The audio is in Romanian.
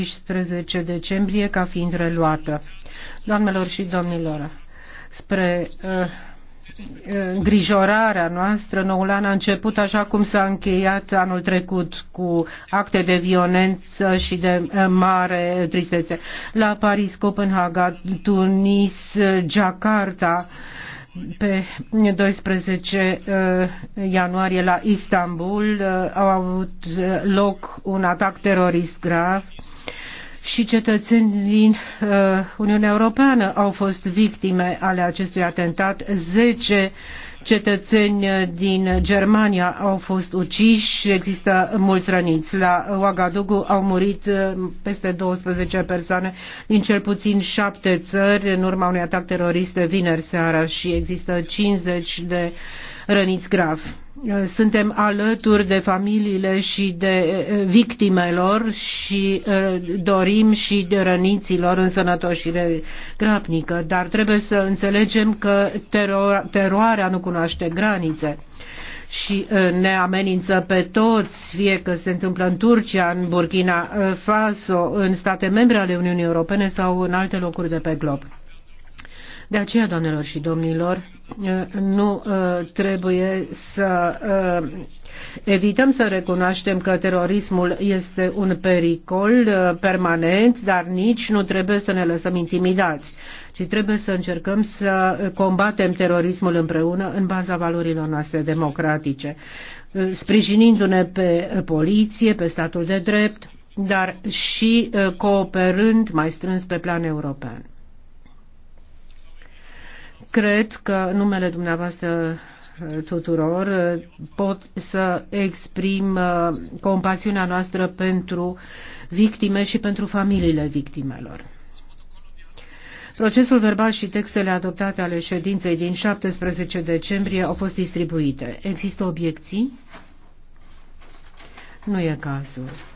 18 decembrie ca fiind reluată. Doamnelor și domnilor, spre uh, îngrijorarea noastră, noul an a început așa cum s-a încheiat anul trecut cu acte de violență și de uh, mare tristețe. La Paris, Copenhaga, Tunis, Jakarta, pe 12 uh, ianuarie la Istanbul uh, au avut loc un atac terorist grav și cetățeni din uh, Uniunea Europeană au fost victime ale acestui atentat. Zece cetățeni din Germania au fost uciși, există mulți răniți. La Ouagadougou au murit uh, peste 12 persoane din cel puțin șapte țări în urma unui atac terorist de vineri seara și există 50 de uh, răniți grav. Suntem alături de familiile și de eh, victimelor și eh, dorim și de răniților în sănătoșire grapnică, dar trebuie să înțelegem că tero- teroarea nu cunoaște granițe și eh, ne amenință pe toți, fie că se întâmplă în Turcia, în Burkina Faso, în state membre ale Uniunii Europene sau în alte locuri de pe glob. De aceea, doamnelor și domnilor, uh, nu uh, trebuie să uh, evităm să recunoaștem că terorismul este un pericol permanent, dar nici nu trebuie să ne lăsăm intimidați, ci trebuie să încercăm să combatem terorismul împreună în baza valorilor noastre democratice, sprijinindu-ne pe poliție, pe statul de drept, dar și cooperând mai strâns pe plan european. Cred că numele dumneavoastră uh, tuturor uh, pot să exprim uh, compasiunea noastră pentru victime și pentru familiile victimelor. Procesul verbal și textele adoptate ale ședinței din 17 decembrie au fost distribuite. Există obiecții? Nu e cazul.